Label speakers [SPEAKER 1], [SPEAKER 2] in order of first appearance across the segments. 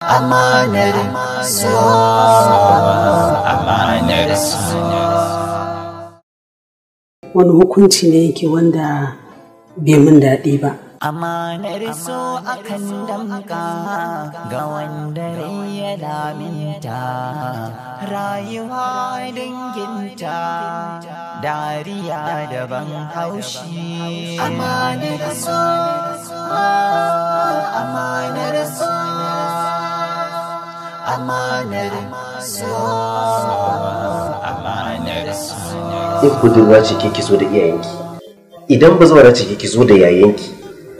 [SPEAKER 1] amanar amanar
[SPEAKER 2] wani hukunci ne yake wanda bai mun daɗi ba
[SPEAKER 1] amanar so akan damka ga wanda ya ta, rayuwa danginta dariya daban haushi amanar so amanar so amanar in
[SPEAKER 3] budurwa ce ke ki zo da iyayenki idan ba zuwa ce ki zo da yayanki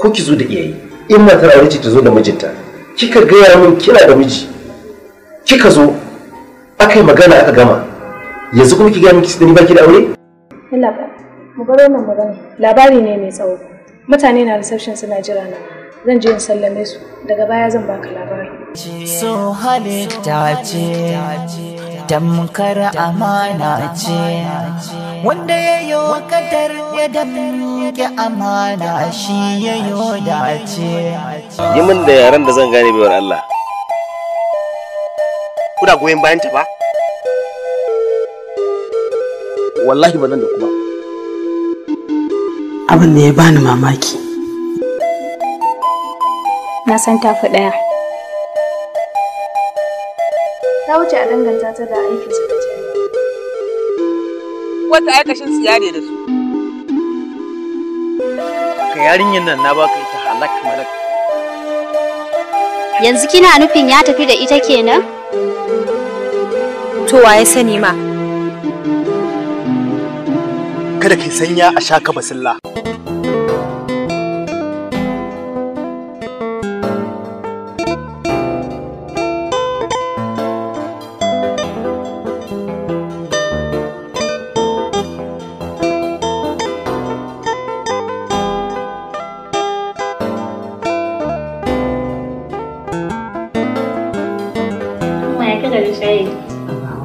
[SPEAKER 3] ko ki zo da iyaye in matar aure ce ta zo da mijinta kika gaya min kina da miji kika zo aka yi magana aka gama yanzu kuma ki gaya min kisi da ni baki da aure
[SPEAKER 4] mu bar wannan magana labari ne mai tsawo mutane na reception suna jira na zan je in sallame su daga baya zan baka labari
[SPEAKER 1] so halitta ce tamkar amana ce wanda ya yi wakatar ya damke amana shi ya yi dace yi min da
[SPEAKER 3] yaren da zan gane biyar Allah kuna goyon bayan ta ba
[SPEAKER 5] wallahi bazan da kuma
[SPEAKER 2] abin da ya bani mamaki
[SPEAKER 4] na san tafi daya ta wuce a danganta ta da aikin su
[SPEAKER 2] wata aikashin su yare da su
[SPEAKER 3] ka yarinyar nan na baka ita halak malak
[SPEAKER 2] yanzu kina nufin ya tafi da ita kenan to waye sani ma
[SPEAKER 5] kada ki sanya a sha ka basilla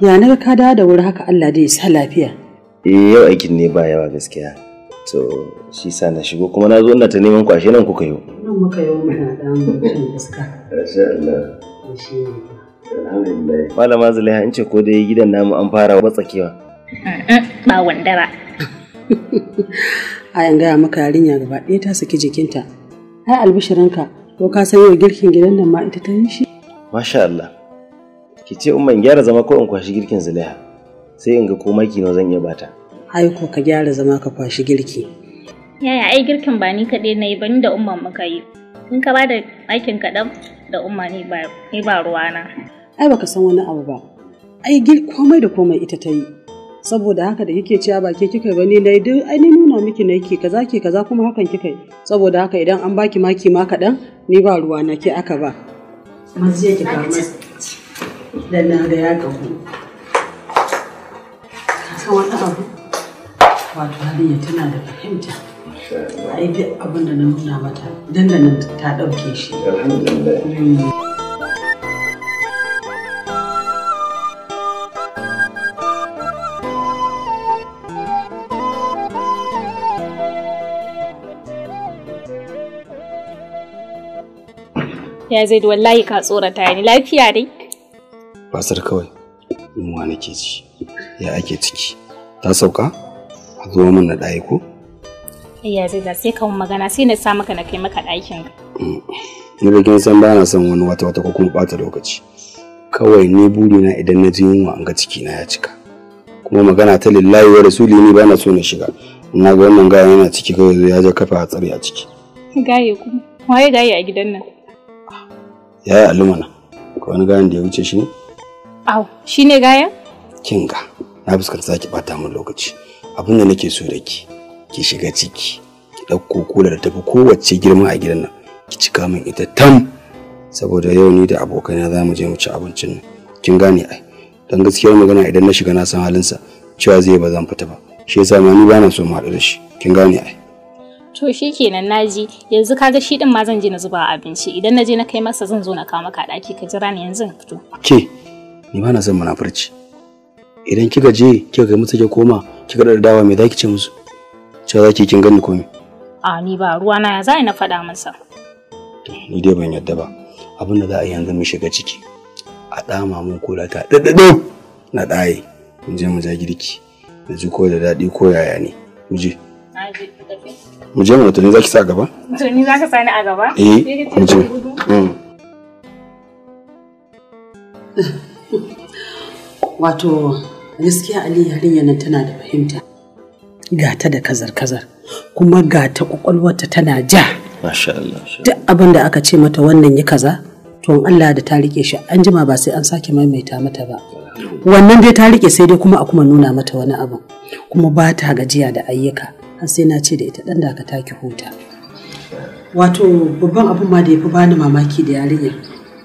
[SPEAKER 2] ya naga ka dawo da wuri haka Allah dai sa lafiya
[SPEAKER 3] eh yau aikin ne ba yawa gaskiya to shi sa na shigo kuma na zo ina ta neman kwashe nan kuka yau
[SPEAKER 2] nan muka yau muna da mutum gaska insha Allah alhamdulillah
[SPEAKER 3] malama zulaiha in ce ko dai gidan namu an fara batsakewa
[SPEAKER 2] ba wanda ba a yanga maka yarinya gaba ɗaya ta saki jikinta ai albishirinka ko ka san yau girkin gidan nan ma ita ta yi shi
[SPEAKER 3] masha Allah ki ce umman gyara zama ko in kwashi girkin zulaiha sai in
[SPEAKER 2] ga komai ki zan iya bata ai ko ka gyara zama ka kwashi girki
[SPEAKER 4] yaya ai girkin ba ni kaɗai na yi ba ni da umman muka yi in ka ba da aikin kaɗan da umma ni ba ni ba ruwana
[SPEAKER 2] ai baka san wani abu ba ai komai da komai ita ta yi saboda haka da kike cewa ba ke kika ba ni na duk ai ni nuna miki na yake kaza ke kaza kuma hakan kika yi saboda haka idan an baki maki ma kaɗan ni ba ruwana ke aka ba. dan na ga ya gahu ka wani abu wato hariya tana da fahimta yi duk abin da na nuna mata nan ta ɗauke shi
[SPEAKER 4] ya zai wallahi ka tsorata ni lafiya dai
[SPEAKER 5] basar kawai yunwa nake ci ya ake ciki ta sauka a zo min na ɗaya ko
[SPEAKER 4] iya zai da sai kawun magana sai na sa maka na kai maka ɗakin mm.
[SPEAKER 5] ni da kin san ba na son wani wata wata ko kuma ɓata lokaci kawai ni burina idan na ji yunwa an ga cikina ya cika kuma magana ta lillahi wa rasuli ni ba na so na shiga na ga wannan gaya yana ciki kawai ya ja kafa a tsari a ciki
[SPEAKER 4] gaye kuma waye gaye a gidan nan
[SPEAKER 5] yaya alumana ka wani gayan da ya wuce shi ne
[SPEAKER 4] Au, shi ne gaya?
[SPEAKER 5] Kinga, na fuskar zaki bata min lokaci. Abin da nake so da ki, ki shiga ciki, ki ɗauko kula da tafi kowace girma a gidan nan, ki cika min ita tam. Saboda yau ni da abokaina za mu je mu ci abincin nan. Kin gane ai, don gaskiyar magana idan na shiga na san halinsa, cewa zai ba zan fita ba. Shi yasa ma ni bana so mu haɗu da shi. Kin gane ai.
[SPEAKER 4] to shi kenan naji yanzu kaga shi din ma zan je na zuba abinci idan na je na kai masa zan zo na kawo maka daki ka jira ni yanzu fito
[SPEAKER 5] ke ni bana na son munafurci idan kika je kika kai musu koma kika da dawa me zaki ce musu cewa zaki kin gani komi
[SPEAKER 4] a ni ba ruwa na ya zai na faɗa masa
[SPEAKER 5] ni dai ban yadda ba abin da za a yanzu mu shiga ciki a dama mun kula ta dadadu na ɗaye mun je mu ja girki da ji ko da daɗi ko yaya ne mu je mu je mu tuni zaki sa gaba
[SPEAKER 4] tuni zaka sa ni a gaba eh mu je
[SPEAKER 2] Wato gaskiya Ali yarinyar nan tana da fahimta. Gata da kazar-kazar kuma gata kwakwalwarta tana ja. Masha Allah. Duk abin da aka ce mata wannan ya kaza to Allah da ta rike shi an jima ba sai an sake maimaita mata ba. Wannan dai ta rike sai dai kuma a kuma nuna mata wani abu kuma ba ta gajiya da ayyuka har sai na ce da ita dan da ka taki huta. Wato babban abin ma da ya fi bani mamaki da yarinyar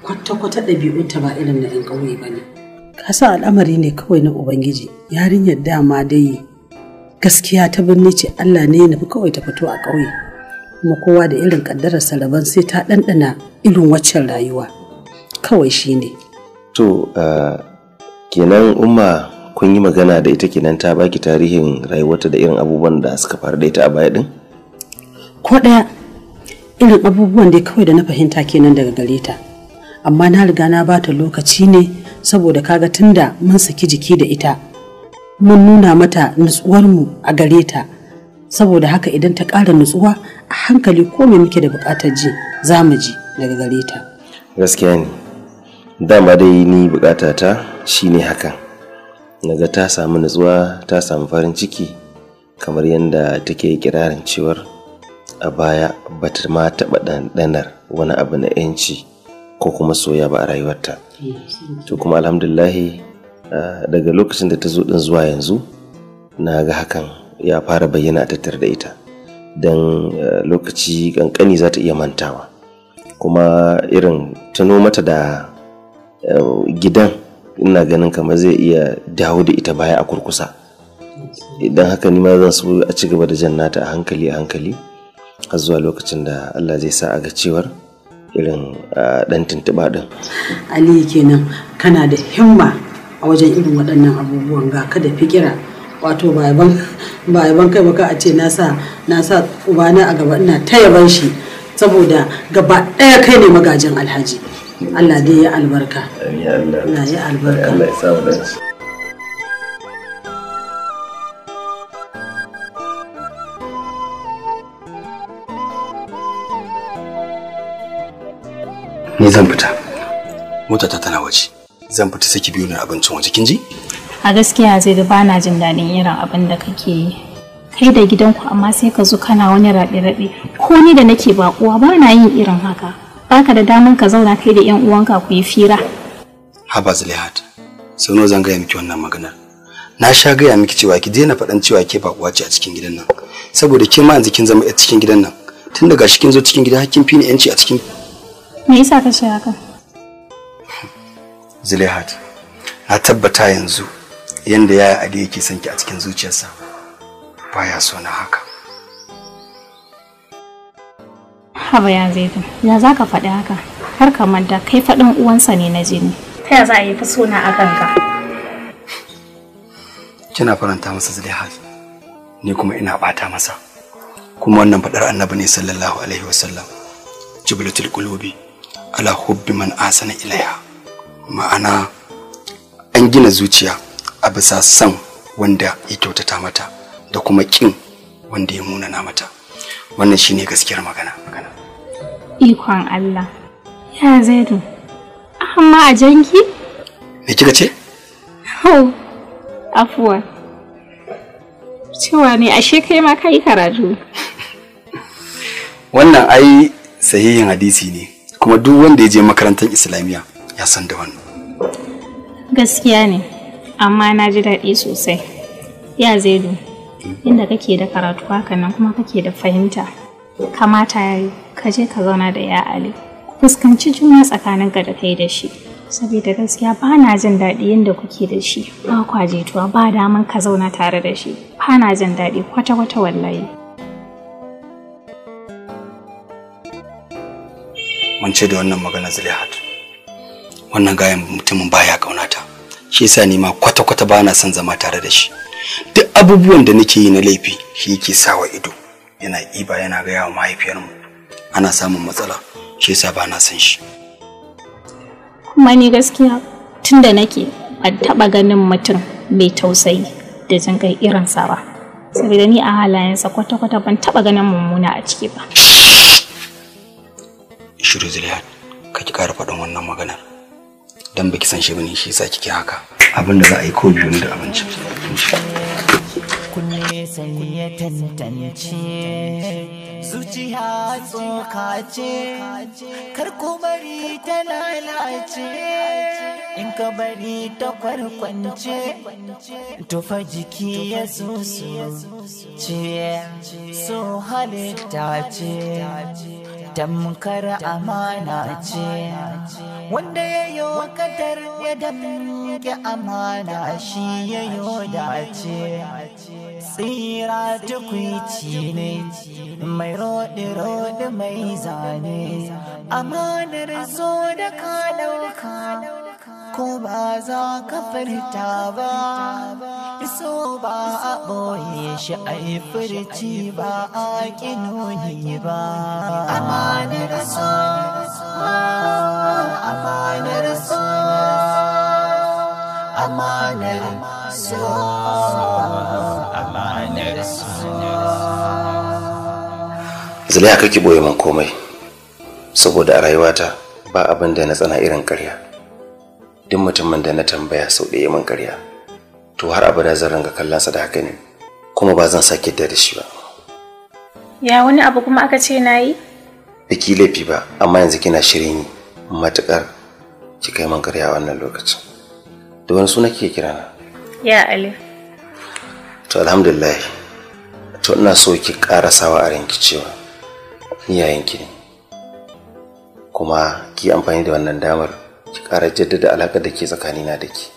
[SPEAKER 2] kwata-kwata ɗabi'unta ba irin na 'yan ƙauye ba ne. Ka sa al'amari ne kawai na Ubangiji, yarinyar dama dai gaskiya ta birni ce Allah ne ya nufi kawai ta fito a ƙauye. Kuma kowa da irin ƙaddarar salaban sai ta ɗanɗana irin waccan rayuwa. Kawai shi ne.
[SPEAKER 3] To, kenan umma kun yi magana da ita kenan ta baki tarihin rayuwarta da irin abubuwan da suka faru da ita a baya ɗin?
[SPEAKER 2] Ko ɗaya, irin abubuwan da kawai da na fahimta kenan daga gare ta. amma na riga na bata lokaci ne saboda kaga tunda mun saki jiki da ita mun nuna mata nutsuwar mu a gare ta saboda haka idan ta ƙara nutsuwa a hankali ko me muke da buƙatar ji za mu ji daga gare ta
[SPEAKER 3] gaskiya ne dama dai ni buƙata ta shine haka naga ta samu nutsuwa ta samu farin ciki kamar yadda take kirarin cewar a baya bata ma taɓa ɗanɗanar wani abu na 'yanci ko kuma soya ba a rayuwarta to kuma alhamdulahi ah, daga lokacin da ta zo ɗin zuwa yanzu na ga hakan ya fara bayyana a tattar da ita don ah, lokaci kankani za ta iya mantawa kuma irin ta mata da ah, gidan ina ganin kamar zai iya dawo da ita baya a kurkusa idan haka nima zan so a ci gaba da jannata a hankali a hankali har zuwa lokacin da allah zai sa a ga cewar irin dan eh, tuntuɓa ɗin.
[SPEAKER 2] Ali kenan kana da himma a wajen irin waɗannan abubuwan ga ka da fikira wato ba ban kai baka a ce na sa ubana a gaba ina ta yaban shi saboda gaba ɗaya kai ne magajin alhaji Allah dai ya albarka. Allah ya albarka. Allah ya sa
[SPEAKER 5] ni zan fita mota ta tana waje zan fita saki biyu na abincin waje kin ji
[SPEAKER 4] a gaskiya zai da bana jin daɗin irin abin da kake yi kai da gidanku amma sai ka zo kana wani raɗe-raɗe ko ni da nake bakuwa ba na yin irin haka baka da daman ka zauna kai da yan uwanka ku yi fira
[SPEAKER 5] haba zulihat sau nawa zan gaya miki wannan magana na sha gaya miki cewa ki daina faɗan cewa ke bakuwa ce a cikin gidan nan saboda ke ma yanzu kin zama a cikin gidan nan tun daga shi kin zo cikin gida hakkin fi ni yanci a cikin
[SPEAKER 4] Me yasa ka shi haka?
[SPEAKER 5] Zulihat, na tabbata yanzu yadda yaya Ade yake son ki a cikin zuciyarsa baya so na haka.
[SPEAKER 4] Haba ya zaitu, ya za ka faɗi haka? Har kamar da kai faɗin uwansa ne na jini. Ta ya za a yi fi suna a kanka?
[SPEAKER 5] Kina faranta masa Zulihat, ni kuma ina ɓata masa. Kuma wannan faɗar annabi ne sallallahu alaihi wasallam. Jibilatul qulubi ala hubbi man asana ilaiha ma'ana an gina zuciya a bisa san wanda ya kyautata mata da kuma kin wanda ya munana mata wannan shine gaskiyar magana magana
[SPEAKER 4] ikon Allah ya zaidu amma a janki me kika ce oh afuwa cewa ne ashe kai ma kai karatu
[SPEAKER 5] wannan ai sahihin hadisi ne kuma duk wanda ya je makarantar islamiyya ya san da wannan
[SPEAKER 4] gaskiya ne amma na ji daɗi sosai ya zaidu inda kake da karatu haka nan kuma kake da fahimta kamata ya yi ka je ka zauna da ya ali fuskanci juna tsakanin ka da kai da shi saboda gaskiya ba na jin daɗi yadda kuke da shi ba kwajetuwa ba daman ka zauna tare da shi ba na jin daɗi kwata-kwata wallahi
[SPEAKER 5] ce da wannan magana zulihat wannan gayan mutumin baya kaunata shi yasa ni ma kwata-kwata ba na son zama tare da shi duk abubuwan da nake yi na laifi shi yake sawa ido yana iba yana gaya wa mahaifiyarmu ana samun matsala shi yasa ba na son shi
[SPEAKER 4] kuma ni gaskiya tunda nake ban taɓa ganin mutum mai tausayi da jin kai irinsa ba saboda ni a halayensa kwata-kwata ban taɓa ganin mummuna a ciki ba
[SPEAKER 5] shiru Zuliyat ka ki ƙara faɗin wannan magana dan baki san shi bane shi yasa kike haka abin da za a yi ko biyu da abinci
[SPEAKER 1] kunne sai ya tantance zuciya tsoka ce kar ku bari ta lalace in ka bari ta kwarkwance tufa jiki ya susu ce so halitta ce tamkar amana ce wanda ya yi wakatar ya damke amana shi ya yi ce tsira tukwici ne mai roɗe-roɗe mai zane amanar zo da ka ɗauka ko ba za ka farta ba so ba a ɓoye shi a yi furci ba a ƙi ba amanar so amanar so amanar so amanar
[SPEAKER 3] so kake boye man komai saboda a rayuwata ba abin da na tsana irin karya duk mutumin da na tambaya sau ɗaya min karya to har abada zan kallon sa da haka ne kuma ba zan sake da da shi ba
[SPEAKER 4] ya wani abu kuma aka ce na yi
[SPEAKER 3] biki laifi ba amma yanzu kina shirin yi matukar ki kai man karya wannan lokacin da wani suna kike kira na ya Ali. to alhamdulillah to ina so ki sawa a ranki cewa ni ne kuma ki amfani da wannan damar ki ƙara jaddada alaƙar da ke tsakanina da ke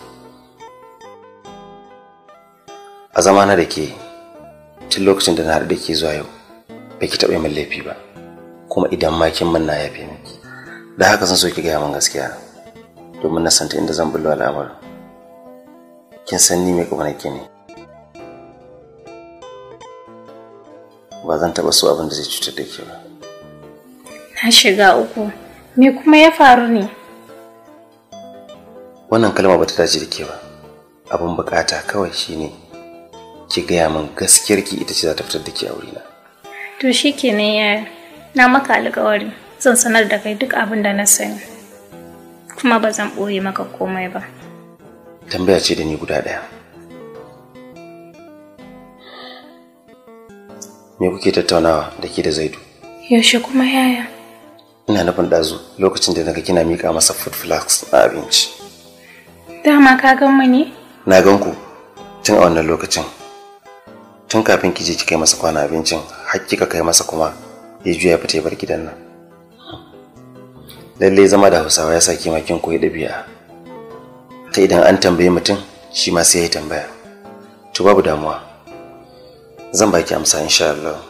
[SPEAKER 3] a zamana da ke tun lokacin da na haɗu da ke zuwa yau ba ki taɓa min laifi ba kuma idan ma kin min na yafe miki da haka zan so ki gaya min gaskiya domin na santa inda zan bullo al'amarin kin san ni mai ke ne ba zan taɓa so abin da zai cutar da ke ba
[SPEAKER 4] na shiga uku me kuma ya faru ne
[SPEAKER 3] wannan kalma ba ta dace da ke ba abin bukata kawai shine ki gaya min gaskiyar ki ita ce za ta fitar da ke a wurina.
[SPEAKER 4] To shi ke ne ya eh, na maka alƙawari, zan sanar da kai duk abin da na sani kuma ba zan ɓoye maka komai ba.
[SPEAKER 3] Tambaya ce da ni guda ɗaya. Me kuke tattaunawa da ke da Zaidu?
[SPEAKER 4] Yaushe kuma yaya?
[SPEAKER 3] Ina nufin ɗazu lokacin da naga kina miƙa masa food flags na abinci.
[SPEAKER 4] Dama ka gan mu ne?
[SPEAKER 3] Na gan ku tun a wannan lokacin tun kafin ki je ki kai masa kwana abincin har kika kai masa kuma ya juya fita ya bar gidan nan lallai zama da hausawa ya saki makin koyi ɗabi'a ta idan an tambayi mutum shi ma sai ya tambaya to babu damuwa zan baki amsa insha Allah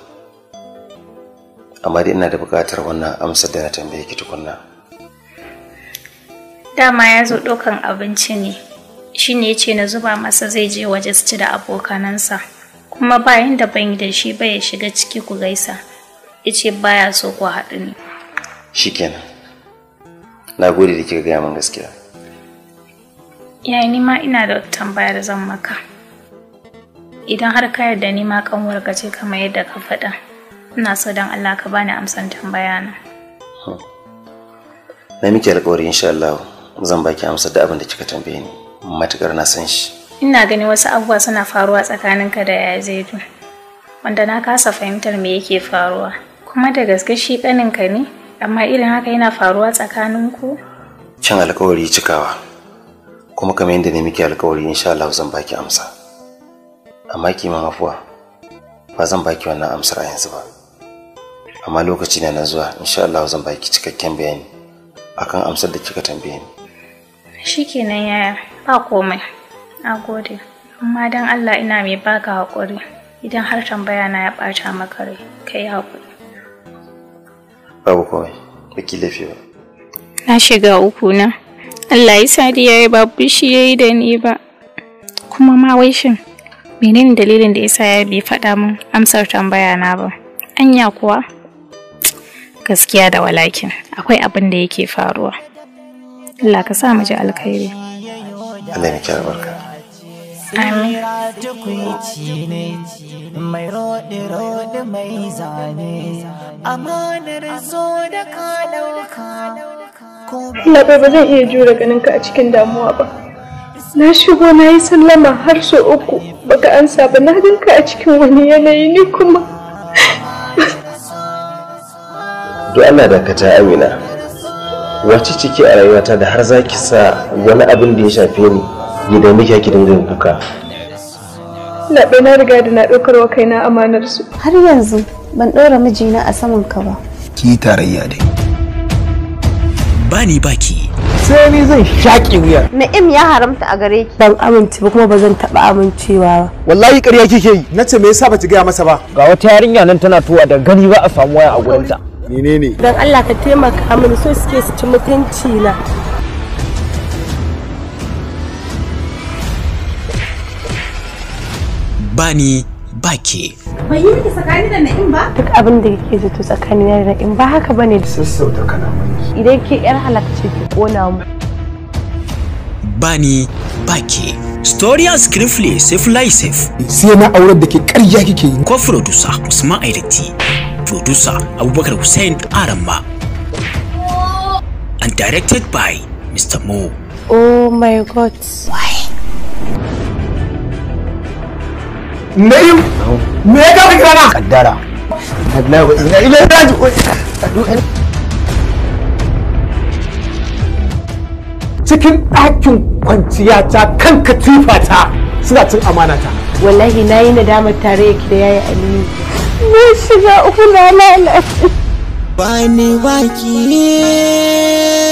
[SPEAKER 3] amma dai ina da buƙatar wannan amsar da na tambaye ki tukunna
[SPEAKER 4] dama ya zo ɗaukan abinci ne shine ya ce na zuba masa zai je waje su ci da abokanansa kuma bayan da ban yi da shi ba ya shiga ciki ku gaisa ya ce baya so ku haɗu ne
[SPEAKER 3] shikenan na gode da kika gaya min
[SPEAKER 5] gaskiya
[SPEAKER 4] yayi ni ma ina da tambaya zan maka idan har ka yarda ni ma kanwar ka ce kamar yadda ka faɗa ina so dan Allah ka bani amsan tambaya na
[SPEAKER 3] na miki alƙawari insha Allah zan baki amsar da abin da kika tambaye ni matukar na san shi
[SPEAKER 4] ina ganin wasu abubuwa suna faruwa tsakaninka da ya zaitu wanda na kasa fahimtar me yake faruwa kuma da gaske shi ɗaninka ne amma irin haka yana faruwa tsakaninku
[SPEAKER 3] cin alkawari cikawa kuma kamar yadda ne muke alkawari insha Allah zan baki amsa amma ki afuwa ba zan baki wannan amsar a yanzu ba amma lokaci na na zuwa insha Allah zan baki cikakken bayani akan amsar da kika tambaye ni
[SPEAKER 4] shikenan yaya ba komai Na gode, amma don Allah ina mai baka haƙuri idan har tambaya na ya ɓata maka rai, ka yi haƙuri.
[SPEAKER 3] Babu kawai, baki laifi ba.
[SPEAKER 4] Na shiga uku na. Allah ya Sadi ya babu shi ya yi da ni ba. Kuma ma wai shin, menene dalilin da yasa ya bi faɗa min amsar tambaya na ba? Anya kuwa? Gaskiya da walakin, akwai abin da yake faruwa. Allah ka sa mu ji alkhairi.
[SPEAKER 3] Allah ya barka.
[SPEAKER 4] Tsira
[SPEAKER 1] tukwici ne, mai roɗe-roɗe mai zane, amanar zo da ka ɗauka. Labe ba zan iya jure
[SPEAKER 4] ganin ka a cikin damuwa ba. Na shigo na yi sallama har sau uku baka
[SPEAKER 2] ansa ba na ganka a cikin wani yanayi ni kuma.
[SPEAKER 3] Duk ana dakata Amina. Wace ciki a rayuwata da har za ki sa wani abin da ya shafe ni gidan miki yake dinga haka
[SPEAKER 4] Na na riga da na ɗaukar wa kaina amanar su har yanzu ban ɗora mijina a saman
[SPEAKER 2] ka ba
[SPEAKER 5] ki tarayya dai bani baki sai ni zan shaƙe wuyar
[SPEAKER 2] na'im ya haramta a gare ki ban amince ba kuma ba zan taɓa amincewa ba
[SPEAKER 5] wallahi ƙarya kike yi nace me yasa bata gaya masa ba ga wata yarinya nan tana tuwa da gani ba a samu waya a gurinta menene dan Allah ka taimaka mini so suke su ci mutunci na
[SPEAKER 2] bani ni ba ke. Bai yi miki tsakani da na'im ba? Duk abin da kake zato tsakani da na'im ba haka bane. Sassauta kalamanki. Idan ke yar halakci ki kona mu.
[SPEAKER 3] Ba ni ba ke. Storia Scriffly Safe Life Safe.
[SPEAKER 5] Sai na aurar da ke karya kike yi. Ko producer Usman Aidati. Producer Abubakar Hussein Aramba. And directed by Mr. Mo.
[SPEAKER 4] Oh my god. Why?
[SPEAKER 5] me yi me ya kafa kira na kaddara wallahi wa inna ilaihi raji'un cikin ɗakin kwanciya ta kan katifa ta suna cin amana ta
[SPEAKER 2] wallahi na yi nadamar tare ki da yayi aliyu na shiga uku na lalace
[SPEAKER 1] bani baki